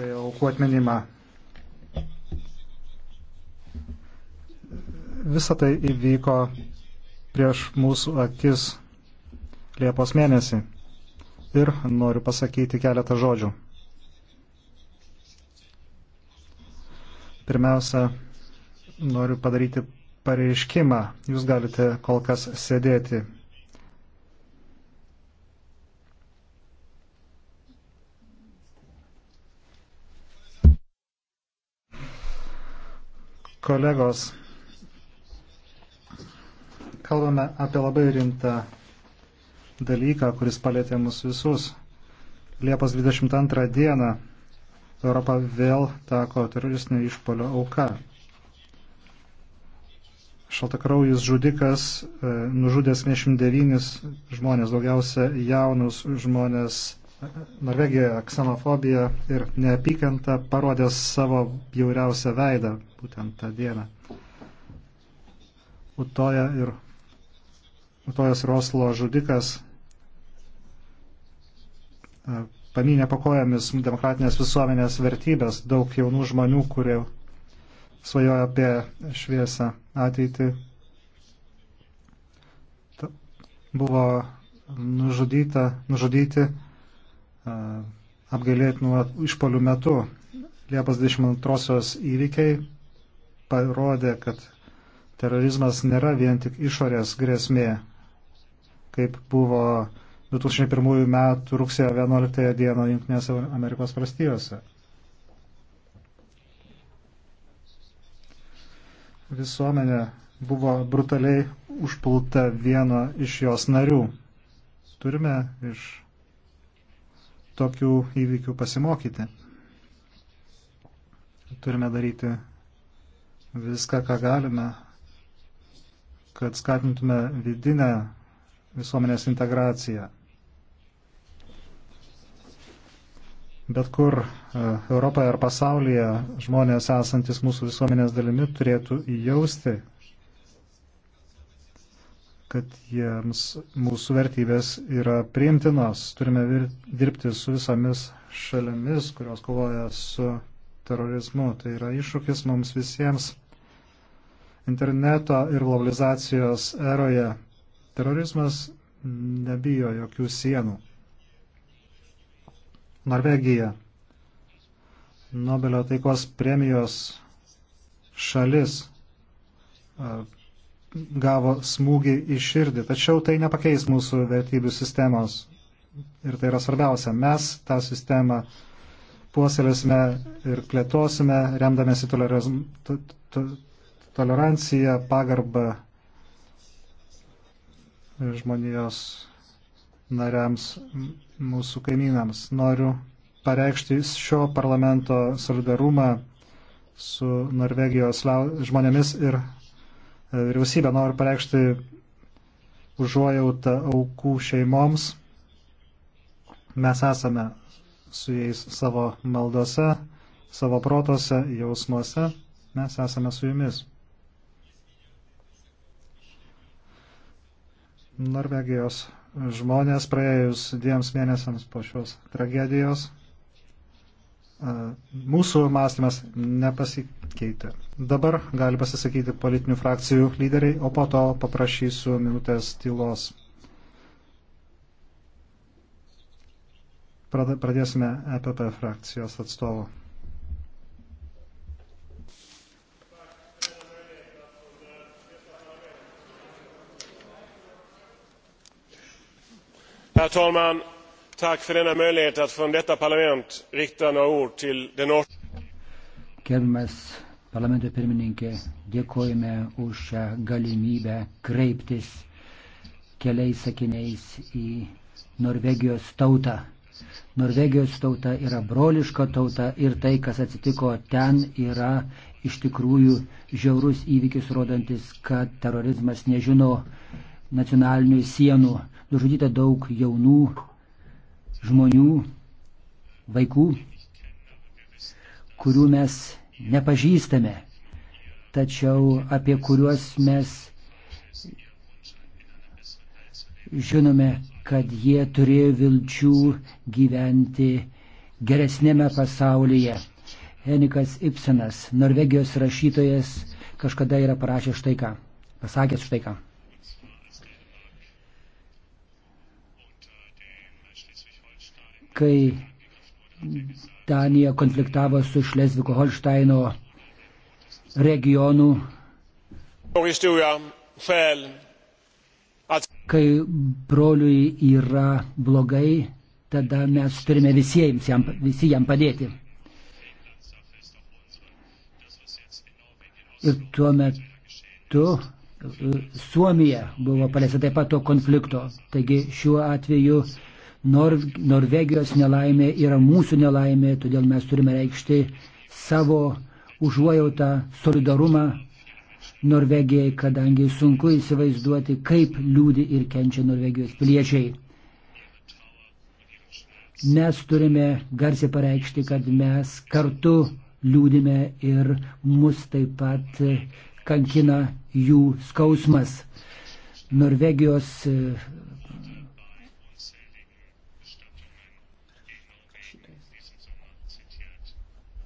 aukų atminimą. Visą tai įvyko prieš mūsų akis Liepos mėnesį. Ir noriu pasakyti keletą žodžių. Pirmiausia, noriu padaryti pareiškimą. Jūs galite kol kas sėdėti Kolegos, kalbame apie labai rimtą dalyką, kuris palėtė mus visus. Liepos 22 dieną Europa vėl tako teroristinio išpolio auka. Šaltakraujus žudikas e, nužudęs 29 žmonės, daugiausia jaunus žmonės Norvegijoje ksenofobija ir neapykanta parodė savo jauriausią veidą būtent tą dieną. Utoja ir Utojas Roslo žudikas e, paminė pakojomis demokratinės visuomenės vertybės, daug jaunų žmonių, kurie svajoja apie šviesą ateitį, buvo nužudyta, nužudyti apgailėtinų išpolių metu. Liepos 22-osios įvykiai parodė, kad terorizmas nėra vien tik išorės grėsmė, kaip buvo 2001 metų rugsėjo 11 dieną Junktinėse Amerikos valstijose. Visuomenė buvo brutaliai užpulta vieno iš jos narių. Turime iš tokių įvykių pasimokyti. Turime daryti viską, ką galime, kad skatintume vidinę visuomenės integraciją. Bet kur e, Europoje ar pasaulyje žmonės esantis mūsų visuomenės dalimi turėtų jausti, kad jiems mūsų vertybės yra priimtinos. Turime dirbti su visomis šalimis, kurios kovoja su terorizmu. Tai yra iššūkis mums visiems. Interneto ir globalizacijos eroje terorizmas nebijo jokių sienų. Norvegija. Nobelio taikos premijos šalis gavo smūgį į širdį. Tačiau tai nepakeis mūsų vertybių sistemos. Ir tai yra svarbiausia. Mes tą sistemą puoselėsime ir plėtosime, remdamėsi toleranciją, pagarbą žmonijos nariams, mūsų kaimynams. Noriu pareikšti šio parlamento solidarumą su Norvegijos žmonėmis ir E, vyriausybė nori pareikšti užuojautą aukų šeimoms. Mes esame su jais savo maldose, savo protose, jausmuose. Mes esame su jumis. Norvegijos žmonės praėjus dviems mėnesiams po šios tragedijos mūsų mąstymas nepasikeitė. Dabar gali pasisakyti politinių frakcijų lyderiai, o po to paprašysiu minutės tylos. Pradėsime EPP frakcijos atstovų. Herr talman! Tack för denna möjlighet att från detta parlament rikta några ord till det norska. Gerbiamas parlamento pirmininkė, dėkojame už šią galimybę kreiptis keliais sakiniais į Norvegijos tautą. Norvegijos tauta yra broliška tauta ir tai, kas atsitiko ten, yra iš tikrųjų žiaurus įvykis, rodantis, kad terorizmas nežino nacionalinių sienų. Nužudyta daug jaunų žmonių, vaikų, kurių mes nepažįstame, tačiau apie kuriuos mes žinome, kad jie turėjo vilčių gyventi geresnėme pasaulyje. Henikas Ibsenas, norvegijos rašytojas, kažkada yra parašęs štai ką, pasakęs štai ką. kai Danija konfliktavo su Šlesviko Holšteino regionu, kai broliui yra blogai, tada mes turime visiems jam, visi jam padėti. Ir tuo metu e, Suomija buvo paliesta taip pat to konflikto. Taigi šiuo atveju uh, Nor Norvegijos nelaimė yra mūsų nelaimė, todėl mes turime reikšti savo užuojautą, solidarumą Norvegijai, kadangi sunku įsivaizduoti, kaip liūdi ir kenčia Norvegijos piliečiai. Mes turime garsiai pareikšti, kad mes kartu liūdime ir mus taip pat kankina jų skausmas. Norvegijos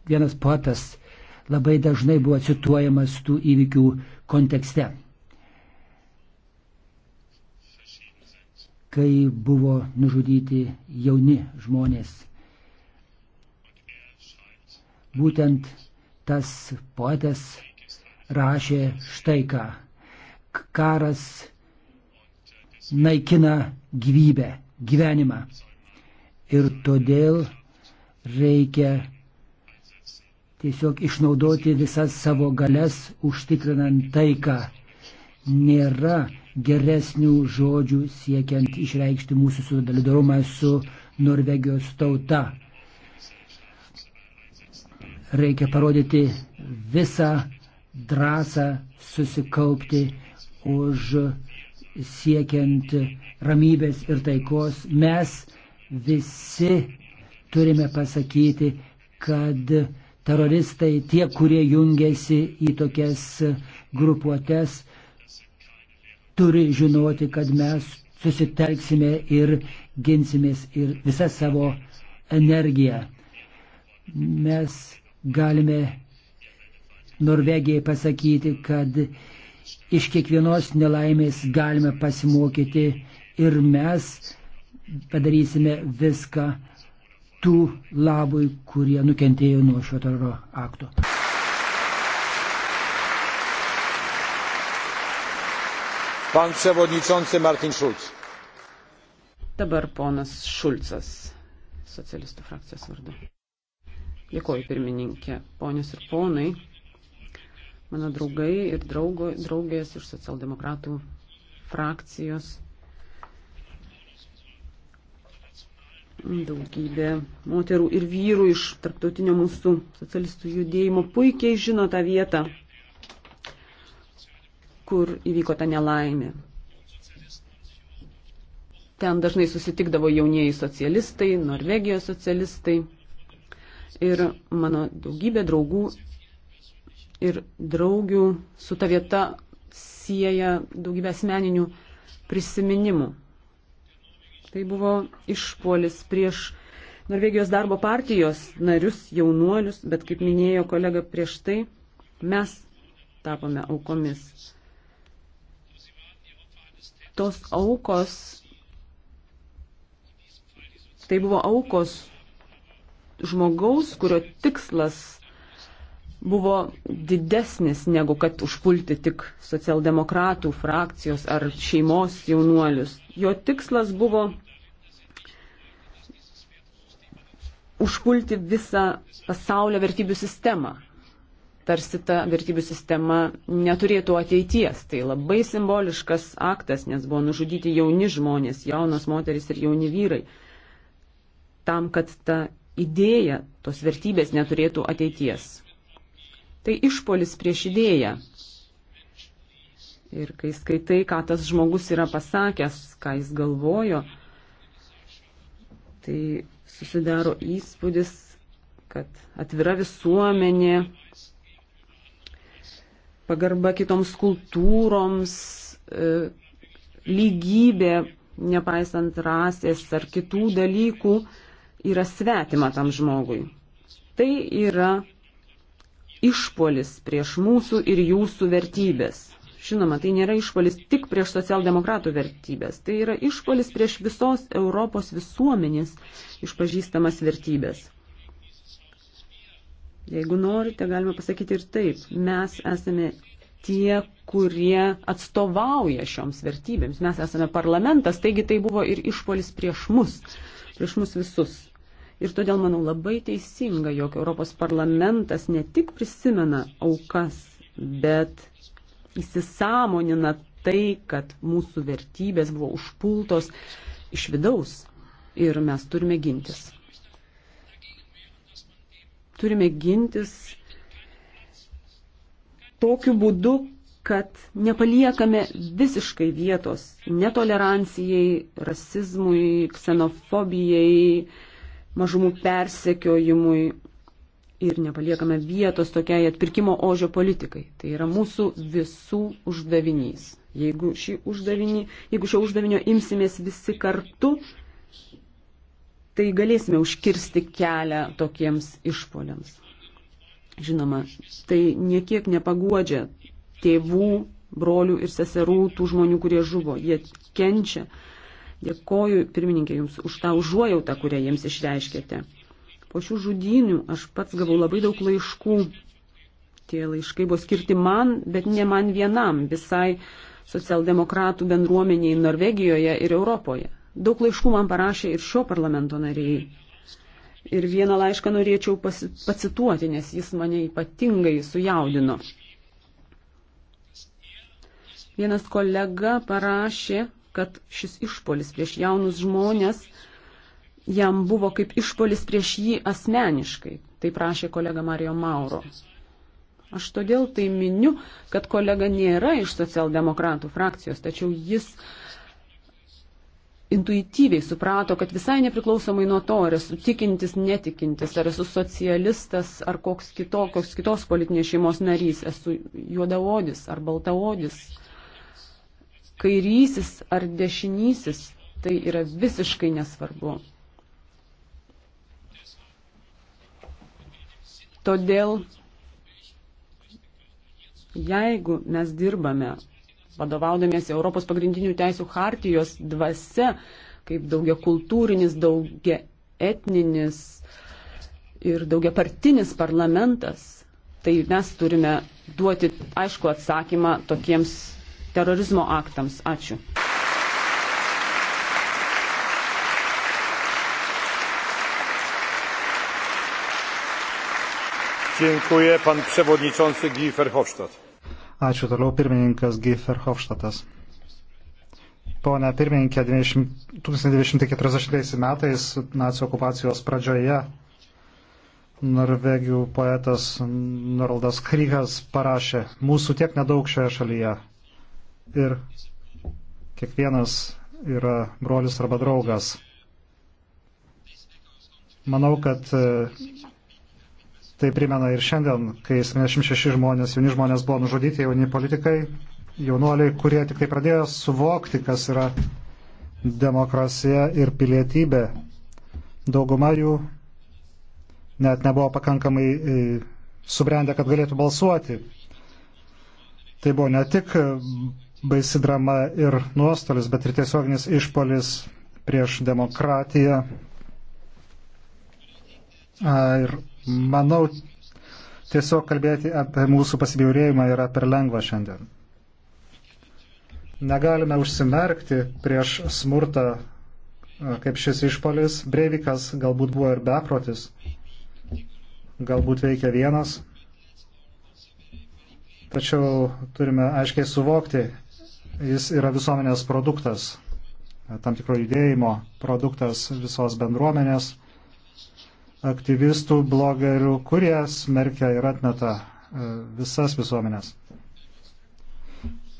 vienas poetas labai dažnai buvo cituojamas tų įvykių kontekste. Kai buvo nužudyti jauni žmonės. Būtent tas poetas rašė štai ką. Karas naikina gyvybę, gyvenimą. Ir todėl reikia tiesiog išnaudoti visas savo galias, užtikrinant taiką. Nėra geresnių žodžių siekiant išreikšti mūsų solidarumą su Norvegijos tauta. Reikia parodyti visą drąsą susikaupti už siekiant ramybės ir taikos. Mes visi turime pasakyti, kad teroristai, tie, kurie jungiasi į tokias grupuotės, turi žinoti, kad mes susitelksime ir ginsimės ir visą savo energiją. Mes galime Norvegijai pasakyti, kad iš kiekvienos nelaimės galime pasimokyti ir mes padarysime viską, tų labui, kurie nukentėjo nuo šio teroro akto. Pan przewodniczący Martin Schulz. Dabar ponas Šulcas, socialistų frakcijos vardu. Dėkoju pirmininkė, ponios ir ponai, mano draugai ir draugo, draugės iš socialdemokratų frakcijos. daugybė moterų ir vyrų iš tarptautinio mūsų socialistų judėjimo puikiai žino tą vietą, kur įvyko ta nelaimė. Ten dažnai susitikdavo jaunieji socialistai, Norvegijos socialistai ir mano daugybė draugų ir draugių su ta vieta sieja daugybę asmeninių prisiminimų. Tai buvo išpolis prieš Norvegijos darbo partijos narius, jaunuolius, bet kaip minėjo kolega prieš tai, mes tapome aukomis. Tos aukos, tai buvo aukos žmogaus, kurio tikslas buvo didesnis negu kad užpulti tik socialdemokratų frakcijos ar šeimos jaunuolius. Jo tikslas buvo užpulti visą pasaulio vertybių sistemą. Tarsi ta vertybių sistema neturėtų ateities. Tai labai simboliškas aktas, nes buvo nužudyti jauni žmonės, jaunos moteris ir jauni vyrai. Tam, kad ta idėja, tos vertybės neturėtų ateities tai išpolis prieš idėją. Ir kai skaitai, ką tas žmogus yra pasakęs, ką jis galvojo, tai susidaro įspūdis, kad atvira visuomenė, pagarba kitoms kultūroms, e, lygybė, nepaisant rasės ar kitų dalykų, yra svetima tam žmogui. Tai yra išpolis prieš mūsų ir jūsų vertybės. Žinoma, tai nėra išpolis tik prieš socialdemokratų vertybės, tai yra išpolis prieš visos Europos visuomenės išpažįstamas vertybės. Jeigu norite, galime pasakyti ir taip, mes esame tie, kurie atstovauja šioms vertybėms. Mes esame parlamentas, taigi tai buvo ir išpolis prieš mus, prieš mus visus. Ir todėl, manau, labai teisinga, jog Europos parlamentas ne tik prisimena aukas, bet įsisamonina tai, kad mūsų vertybės buvo užpultos iš vidaus ir mes turime gintis. Turime gintis tokiu būdu, kad nepaliekame visiškai vietos netolerancijai, rasizmui, ksenofobijai, mažumų persekiojimui ir nepaliekame vietos tokiai atpirkimo ožio politikai. Tai yra mūsų visų uždavinys. Jeigu, uždavinį, jeigu šio uždavinio imsimės visi kartu, tai galėsime užkirsti kelią tokiems išpoliams. Žinoma, tai niekiek nepaguodžia tėvų, brolių ir seserų, tų žmonių, kurie žuvo. Jie kenčia, Dėkoju pirmininkė Jums už tą užuojautą, kurią jiems išreiškėte. Po šių žudynių aš pats gavau labai daug laiškų. Tie laiškai buvo skirti man, bet ne man vienam, visai socialdemokratų bendruomeniai Norvegijoje ir Europoje. Daug laiškų man parašė ir šio parlamento nariai. Ir vieną laišką norėčiau pasi, pacituoti, nes jis mane ypatingai sujaudino. Vienas kolega parašė, kad šis išpolis prieš jaunus žmonės jam buvo kaip išpolis prieš jį asmeniškai, tai prašė kolega Mario Mauro. Aš todėl tai miniu, kad kolega nėra iš socialdemokratų frakcijos, tačiau jis intuityviai suprato, kad visai nepriklausomai nuo to, ar esu tikintis, netikintis, ar esu socialistas, ar koks, kito, koks kitos politinės šeimos narys, esu juodaodis ar baltaodis kairysis ar dešinysis, tai yra visiškai nesvarbu. Todėl, jeigu mes dirbame vadovaudamėsi Europos pagrindinių teisų hartijos dvasia, kaip daugia kultūrinis, daugia etninis ir daugia partinis parlamentas, tai mes turime duoti aišku atsakymą tokiems terorizmo aktams. Ačiū. Dziękuję pan przewodniczący Guy Verhofstadt. Ačiū toliau pirmininkas Guy Verhofstadtas. Pone pirmininkė, 1940 metais nacijų okupacijos pradžioje norvegijų poetas Noraldas Krygas parašė, mūsų tiek nedaug šioje šalyje ir kiekvienas yra brolis arba draugas. Manau, kad e, tai primena ir šiandien, kai 76 žmonės, jauni žmonės buvo nužudyti, jauni politikai, jaunuoliai, kurie tik tai pradėjo suvokti, kas yra demokrasija ir pilietybė. Dauguma jų net nebuvo pakankamai e, subrendę, kad galėtų balsuoti. Tai buvo ne tik baisi drama ir nuostolis, bet ir tiesioginis išpolis prieš demokratiją. Ir manau, tiesiog kalbėti apie mūsų pasibjaurėjimą yra per lengva šiandien. Negalime užsimerkti prieš smurtą, kaip šis išpolis. Breivikas galbūt buvo ir beprotis, galbūt veikia vienas. Tačiau turime aiškiai suvokti, Jis yra visuomenės produktas, tam tikro judėjimo produktas visos bendruomenės, aktyvistų, blogerių, kurie smerkia ir atmeta e, visas visuomenės.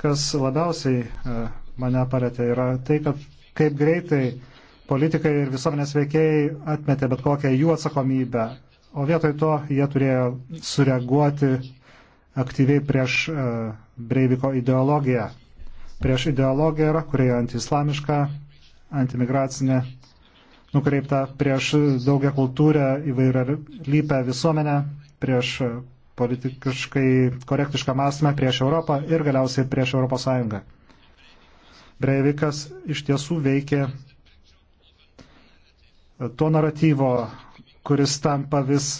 Kas labiausiai e, mane palėtė yra tai, kad kaip greitai politikai ir visuomenės veikėjai atmetė bet kokią jų atsakomybę, o vietoj to jie turėjo sureaguoti aktyviai prieš e, Breiviko ideologiją prieš ideologiją, kurie yra antislamiška, antimigracinė, nukreipta prieš daugia kultūrę įvairią lypę visuomenę, prieš politiškai korektišką mąstymą, prieš Europą ir galiausiai prieš Europos Sąjungą. Breivikas iš tiesų veikė to naratyvo kuris tampa vis e,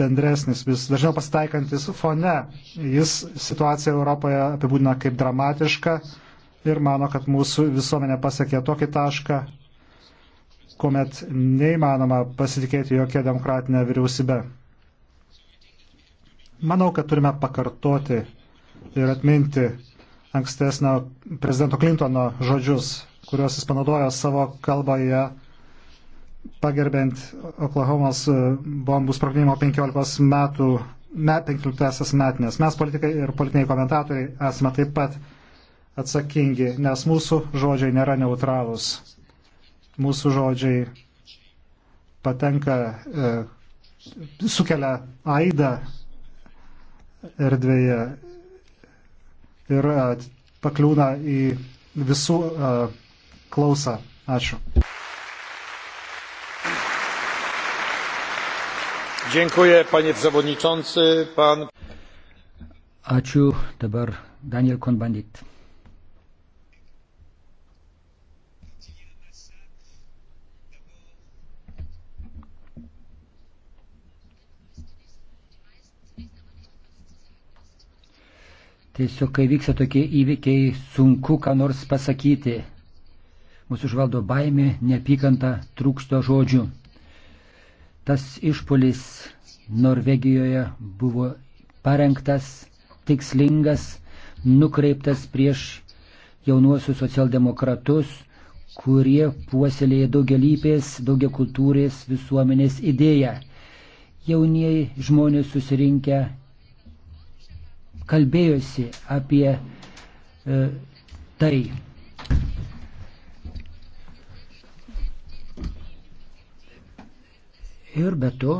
bendresnis, vis dažniau pasitaikantis fone. Jis situaciją Europoje apibūdina kaip dramatišką ir mano, kad mūsų visuomenė pasiekė tokį tašką, kuomet neįmanoma pasitikėti jokia demokratinė vyriausybė. Manau, kad turime pakartoti ir atminti ankstesnio prezidento Klintono žodžius, kuriuos jis panaudojo savo kalboje pagerbent Oklahomos e, bombų sprogdinimo 15 metų, met, 15 metinės. Mes politikai ir politiniai komentatoriai esame taip pat atsakingi, nes mūsų žodžiai nėra neutralūs. Mūsų žodžiai patenka, e, sukelia aidą erdvėje ir e, pakliūna į visų e, klausą. Ačiū. Dziękuję, panie przewodniczący. Pan... Ačiū dabar Daniel Konbandit. Tiesiog, kai vyksta tokie įvykiai, sunku ką nors pasakyti. Mūsų užvaldo baimė, neapykanta, trūksto žodžių. Tas išpolis Norvegijoje buvo parengtas, tikslingas, nukreiptas prieš jaunuosius socialdemokratus, kurie puoselėja daugialypės, daugiakultūrės visuomenės idėją. Jaunieji žmonės susirinkę kalbėjosi apie e, tai. Ir be to,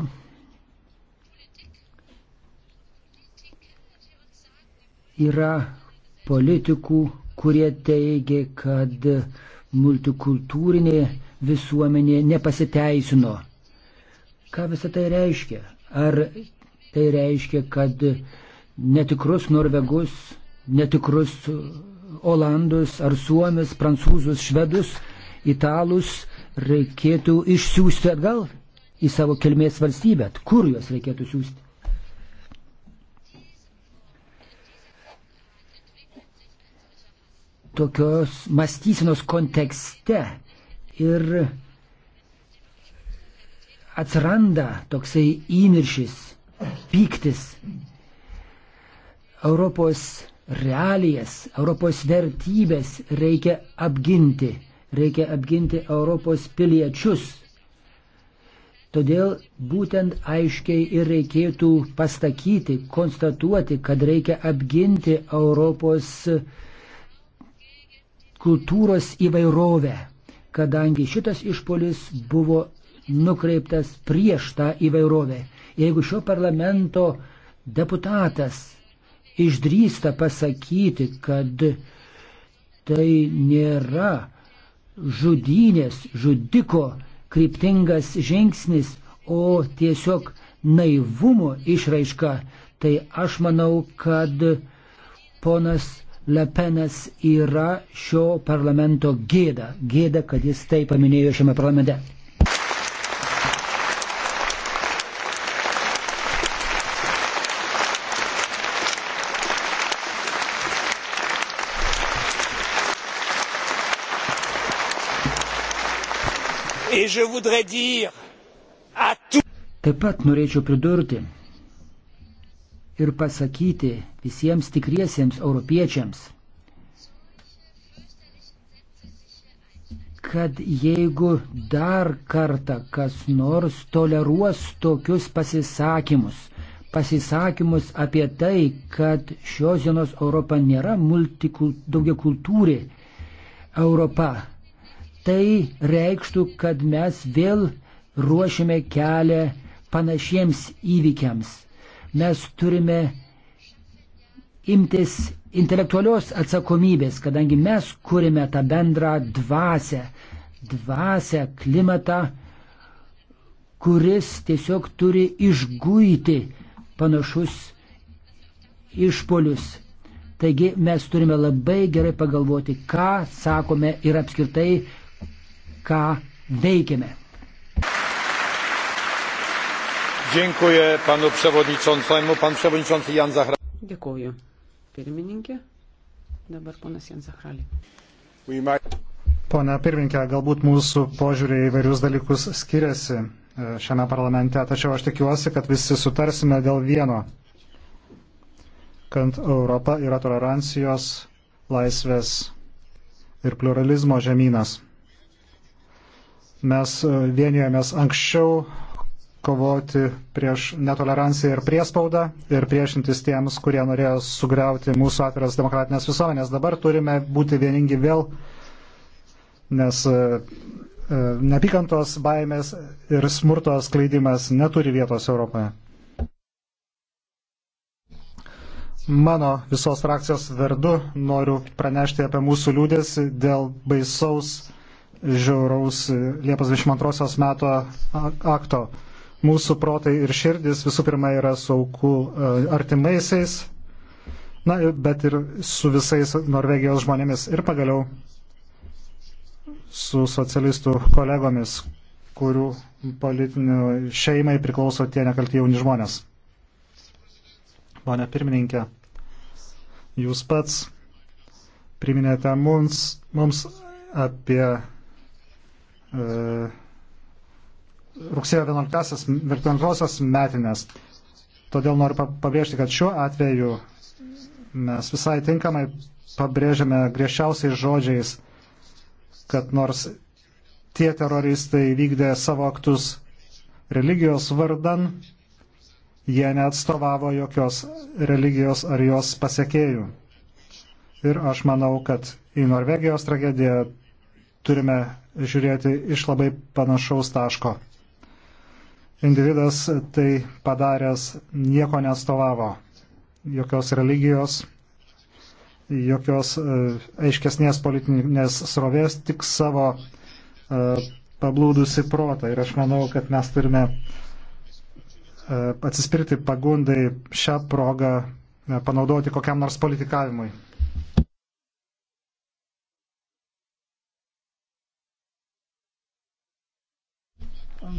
yra politikų, kurie teigia, kad multikultūrinė visuomenė nepasiteisino. Ką visą tai reiškia? Ar tai reiškia, kad netikrus norvegus, netikrus olandus ar suomis, prancūzus, švedus, italus reikėtų išsiųsti atgal į savo kilmės valstybę, kur juos reikėtų siūsti. Tokios mąstysenos kontekste ir atsiranda toksai įniršis, pyktis. Europos realijas, Europos vertybės reikia apginti, reikia apginti Europos piliečius Todėl būtent aiškiai ir reikėtų pasakyti, konstatuoti, kad reikia apginti Europos kultūros įvairovę, kadangi šitas išpolis buvo nukreiptas prieš tą įvairovę. Jeigu šio parlamento deputatas išdrįsta pasakyti, kad tai nėra žudynės, žudiko kryptingas žingsnis, o tiesiog naivumo išraiška, tai aš manau, kad ponas Le Penas yra šio parlamento gėda. Gėda, kad jis tai paminėjo šiame parlamente. Taip pat norėčiau pridurti ir pasakyti visiems tikriesiems europiečiams, kad jeigu dar kartą kas nors toleruos tokius pasisakymus, pasisakymus apie tai, kad šios dienos Europa nėra daugiakultūrė Europa, tai reikštų, kad mes vėl ruošiame kelią panašiems įvykiams. Mes turime imtis intelektualios atsakomybės, kadangi mes kūrime tą bendrą dvasę, dvasę, klimatą, kuris tiesiog turi išguiti panašus išpolius. Taigi mes turime labai gerai pagalvoti, ką sakome ir apskritai, ką veikiame. Dziękuję panu przewodniczącemu. Pan przewodniczący Jan Zahra. Dziękuję. Pirmininkė. Dabar ponas Jan Zahrali. Pone pirmininkė, galbūt mūsų požiūrė į vairius dalykus skiriasi e, šiame parlamente, tačiau aš tikiuosi, kad visi sutarsime dėl vieno, kad Europa yra tolerancijos, laisvės ir pluralizmo žemynas mes e, vienijomės anksčiau kovoti prieš netoleranciją ir priespaudą ir priešintis tiems, kurie norėjo sugriauti mūsų atviras demokratinės visuomenės. Dabar turime būti vieningi vėl, nes e, e, neapykantos baimės ir smurto skleidimas neturi vietos Europoje. Mano visos frakcijos vardu noriu pranešti apie mūsų liūdės dėl baisaus žiauraus Liepos 22 meto akto. Mūsų protai ir širdis visų pirma yra su aukų e, artimaisiais, na, bet ir su visais Norvegijos žmonėmis ir pagaliau su socialistų kolegomis, kurių politinių šeimai priklauso tie nekalti jauni žmonės. Pone pirmininkė, jūs pats priminėte mums, mums apie E, rugsėjo 11-osios metinės. Todėl noriu pabrėžti, kad šiuo atveju mes visai tinkamai pabrėžiame griežčiausiais žodžiais, kad nors tie teroristai vykdė savo aktus religijos vardan, jie neatstovavo jokios religijos ar jos pasiekėjų. Ir aš manau, kad į Norvegijos tragediją turime žiūrėti iš labai panašaus taško. Individas tai padaręs nieko nestovavo, jokios religijos, jokios e, aiškesnės politinės srovės, tik savo e, pablūdusi protą. Ir aš manau, kad mes turime e, atsispirti pagundai šią progą panaudoti kokiam nors politikavimui.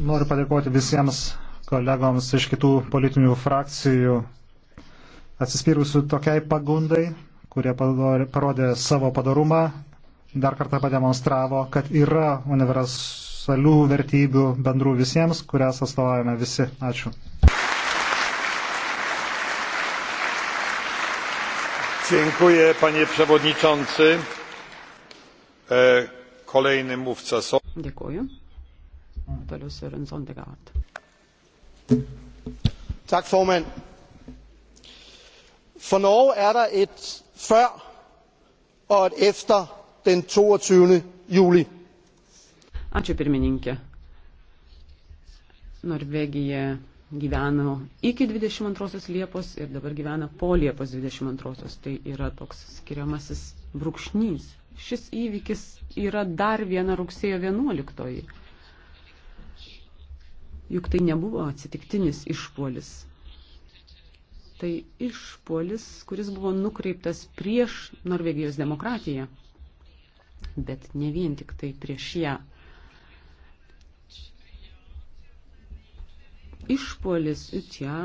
Noriu padėkoti visiems kolegoms iš kitų politinių frakcijų atsispyrusių tokiai pagundai, kurie parodė savo padarumą, dar kartą pademonstravo, kad yra universalių vertybių bendrų visiems, kurias atstovaujame visi. Ačiū. Dziękuję, panie przewodniczący. E, kolejny mówca. Dziękuję. Toliau Søren Sondegard. Tak, formand. For Norge er der et før og et efter den 22. juli. Ačiū pirmininkė. Norvegija gyveno iki 22 Liepos ir dabar gyvena po Liepos 22. Tai yra toks skiriamasis brūkšnys. Šis įvykis yra dar viena rugsėjo 11. -oji Juk tai nebuvo atsitiktinis išpuolis. Tai išpuolis, kuris buvo nukreiptas prieš Norvegijos demokratiją, bet ne vien tik tai prieš ją. Išpuolis čia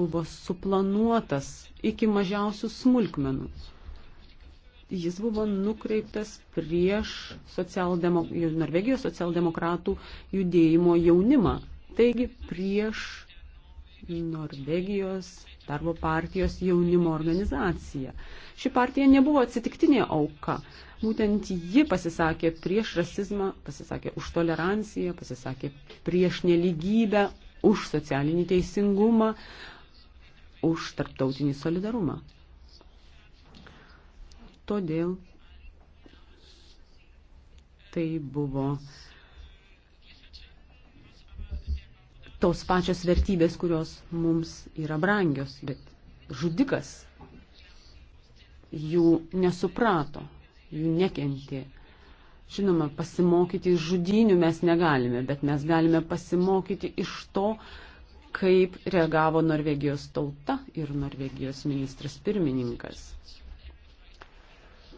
buvo suplanuotas iki mažiausių smulkmenų jis buvo nukreiptas prieš socialdemok Norvegijos socialdemokratų judėjimo jaunimą. Taigi prieš Norvegijos darbo partijos jaunimo organizaciją. Ši partija nebuvo atsitiktinė auka. Būtent ji pasisakė prieš rasizmą, pasisakė už toleranciją, pasisakė prieš neligybę, už socialinį teisingumą, už tarptautinį solidarumą. Todėl tai buvo tos pačios vertybės, kurios mums yra brangios, bet žudikas jų nesuprato, jų nekentė. Žinoma, pasimokyti iš žudynių mes negalime, bet mes galime pasimokyti iš to, kaip reagavo Norvegijos tauta ir Norvegijos ministras pirmininkas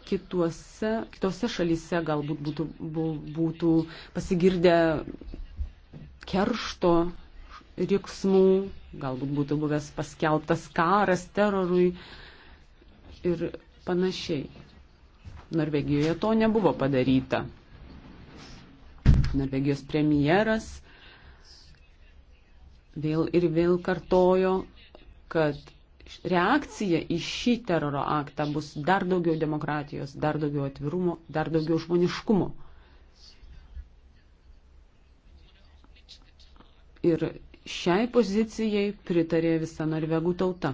kituose, kitose šalyse galbūt būtų, būtų pasigirdę keršto riksmų, galbūt būtų buvęs paskelbtas karas terorui ir panašiai. Norvegijoje to nebuvo padaryta. Norvegijos premjeras vėl ir vėl kartojo, kad reakcija į šį teroro aktą bus dar daugiau demokratijos, dar daugiau atvirumo, dar daugiau žmoniškumo. Ir šiai pozicijai pritarė visa norvegų tauta.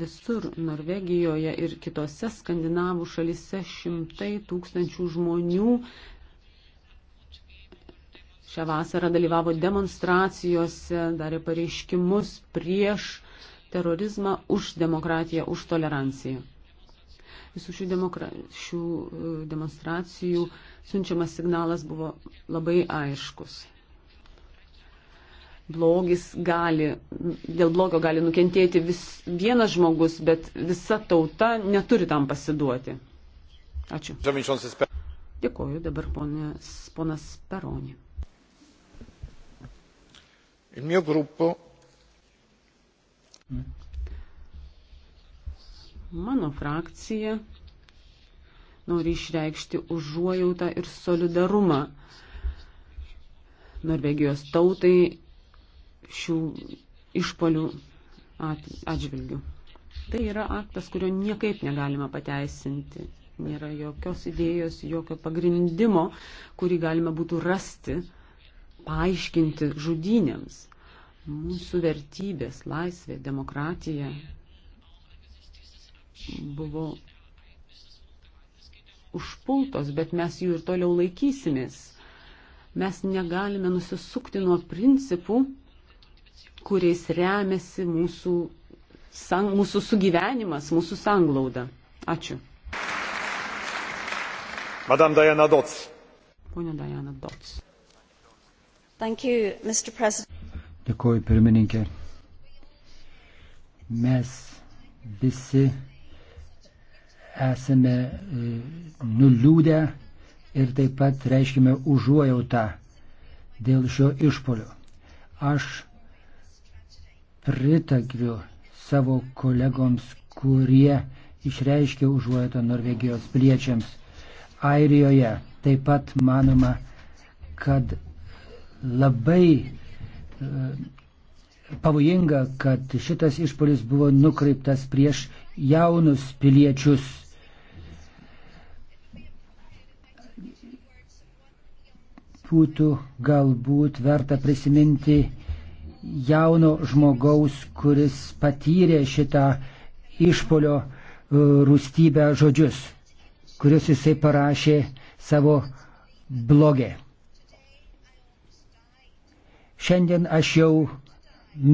Visur Norvegijoje ir kitose skandinavų šalise šimtai tūkstančių žmonių šią vasarą dalyvavo demonstracijose, darė pareiškimus prieš terorizmą, už demokratiją, už toleranciją. Visų šių, demokra... šių e, demonstracijų siunčiamas signalas buvo labai aiškus. Blogis gali, dėl blogio gali nukentėti vis vienas žmogus, bet visa tauta neturi tam pasiduoti. Ačiū. Dėkoju dabar ponės, ponas Peronė il mio gruppo mano frakcija nori išreikšti užuojautą ir solidarumą Norvegijos tautai šių išpolių atžvilgių. Tai yra aktas, kurio niekaip negalima pateisinti. Nėra jokios idėjos, jokio pagrindimo, kurį galima būtų rasti uh, paaiškinti žudynėms. Mūsų vertybės, laisvė, demokratija buvo užpultos, bet mes jų ir toliau laikysimės. Mes negalime nusisukti nuo principų, kuriais remiasi mūsų, sang, mūsų sugyvenimas, mūsų sanglauda. Ačiū. Madame Diana Dots. Pone Diana Dots. Dėkuoju, pirmininkė. Mes visi esame e, nuliūdę ir taip pat reiškime užuojautą dėl šio išpolio. Aš pritakiu savo kolegoms, kurie išreiškė užuojautą Norvegijos piliečiams. Airijoje taip pat manoma, kad labai e, pavojinga, kad šitas išpolis buvo nukreiptas prieš jaunus piliečius. Būtų galbūt verta prisiminti jauno žmogaus, kuris patyrė šitą išpolio e, rūstybę žodžius, kuriuos jisai parašė savo blogė. Šiandien aš jau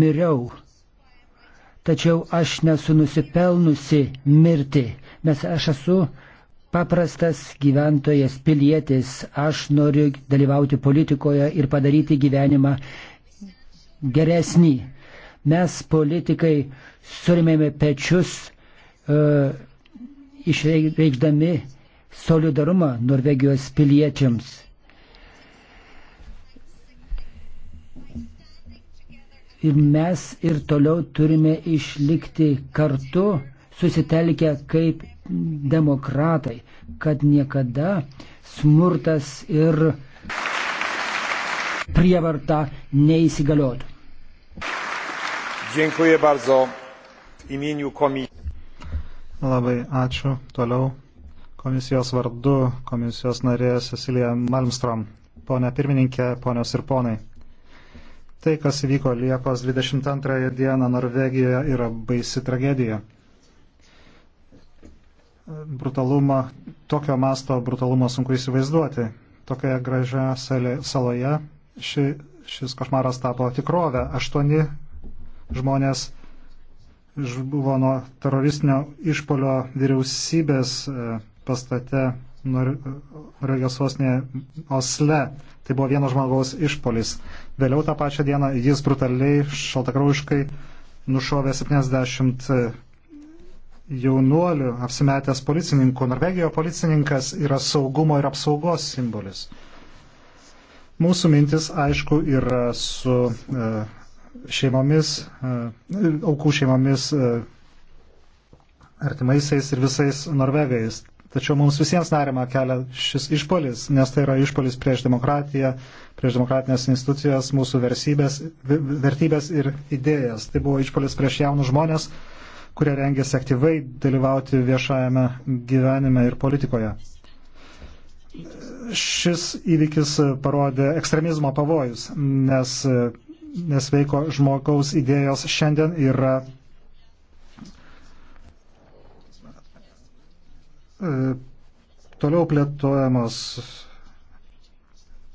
miriau, tačiau aš nesu nusipelnusi mirti, nes aš esu paprastas gyventojas, pilietis, aš noriu dalyvauti politikoje ir padaryti gyvenimą geresnį. Mes, politikai, surimėme pečius, e, išreikšdami solidarumą Norvegijos piliečiams. Ir mes ir toliau turime išlikti kartu, susitelkę kaip demokratai, kad niekada smurtas ir prievarta neįsigaliotų. Dziękuję bardzo w imieniu komisji. Labai ačiū. Toliau komisijos vardu komisijos narė Cecilija Malmstrom. Pone pirmininkė, ponios ir ponai. Tai, kas vyko Liepos 22 dieną Norvegijoje, yra baisi tragedija. Brutalumą, tokio masto brutalumą sunku įsivaizduoti. Tokioje gražioje saloje ši, šis košmaras tapo tikrovę. Aštuoni žmonės žuvo nuo teroristinio išpolio vyriausybės e, pastate Norvegijos sostinėje Osle. Tai buvo vieno žmogaus išpolis. Vėliau tą pačią dieną jis brutaliai, šaltakraujiškai nušovė 70 e, jaunuolių apsimetęs policininkų. Norvegijoje policininkas yra saugumo ir apsaugos simbolis. Mūsų mintis, aišku, yra su e, šeimomis, e, aukų šeimomis, artimaisiais ir visais norvegais. Tačiau mums visiems nerima kelia šis išpolis, nes tai yra išpolis prieš demokratiją, prieš demokratinės institucijas, mūsų vertybės ir idėjas. Tai buvo išpolis prieš jaunus žmonės, kurie rengėsi aktyvai dalyvauti viešajame gyvenime ir politikoje. Šis įvykis parodė ekstremizmo pavojus, nes, nes veiko žmogaus idėjos šiandien yra E, toliau plėtojamos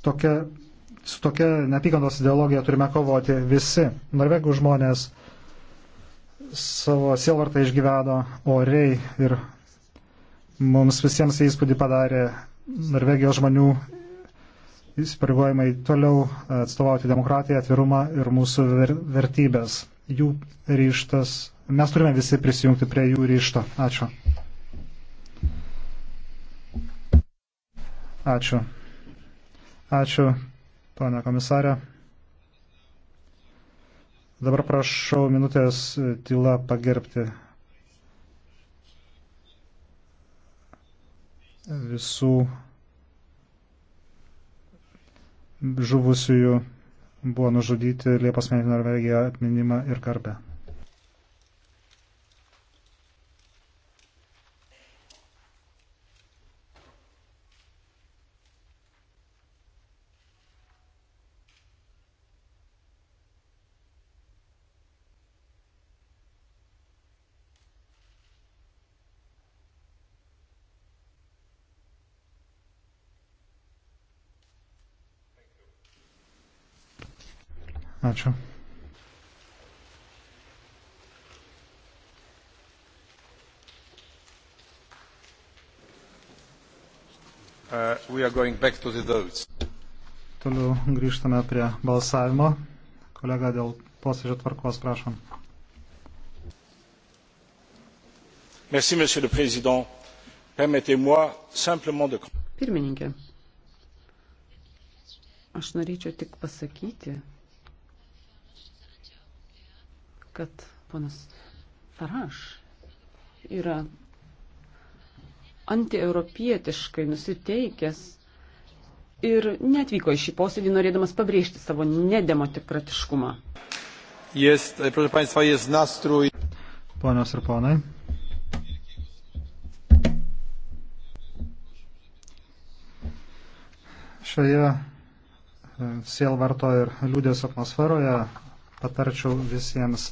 tokia, su tokia neapykantos ideologija turime kovoti visi. Norvegų žmonės savo sielvartą išgyveno oriai ir mums visiems įspūdį padarė Norvegijos žmonių įsipareigojimai toliau atstovauti demokratiją, atvirumą ir mūsų ver vertybės. Jų ryštas. Mes turime visi prisijungti prie jų ryšto. Ačiū. Ačiū. Ačiū, pana komisarė. Dabar prašau minutės tyla pagerbti visų žuvusiųjų buvo nužudyti Liepos mėnesį Norvegijoje atminimą ir garbę. Ačiū. Uh, Toliau grįžtame prie balsavimo. Kolega dėl posėdžio tvarkos, prašom. Merci, Monsieur le Président. Permettez-moi simplement de. Pirmininkė, aš norėčiau tik pasakyti, kad ponas Faraš yra antieuropietiškai nusiteikęs ir netvyko į šį posėdį norėdamas pabrėžti savo nedemokratiškumą. Jest, e, proszę Państwa, jest nastrój. Ponios ir ponai. Šioje e, sielvarto ir liūdės atmosferoje patarčiau visiems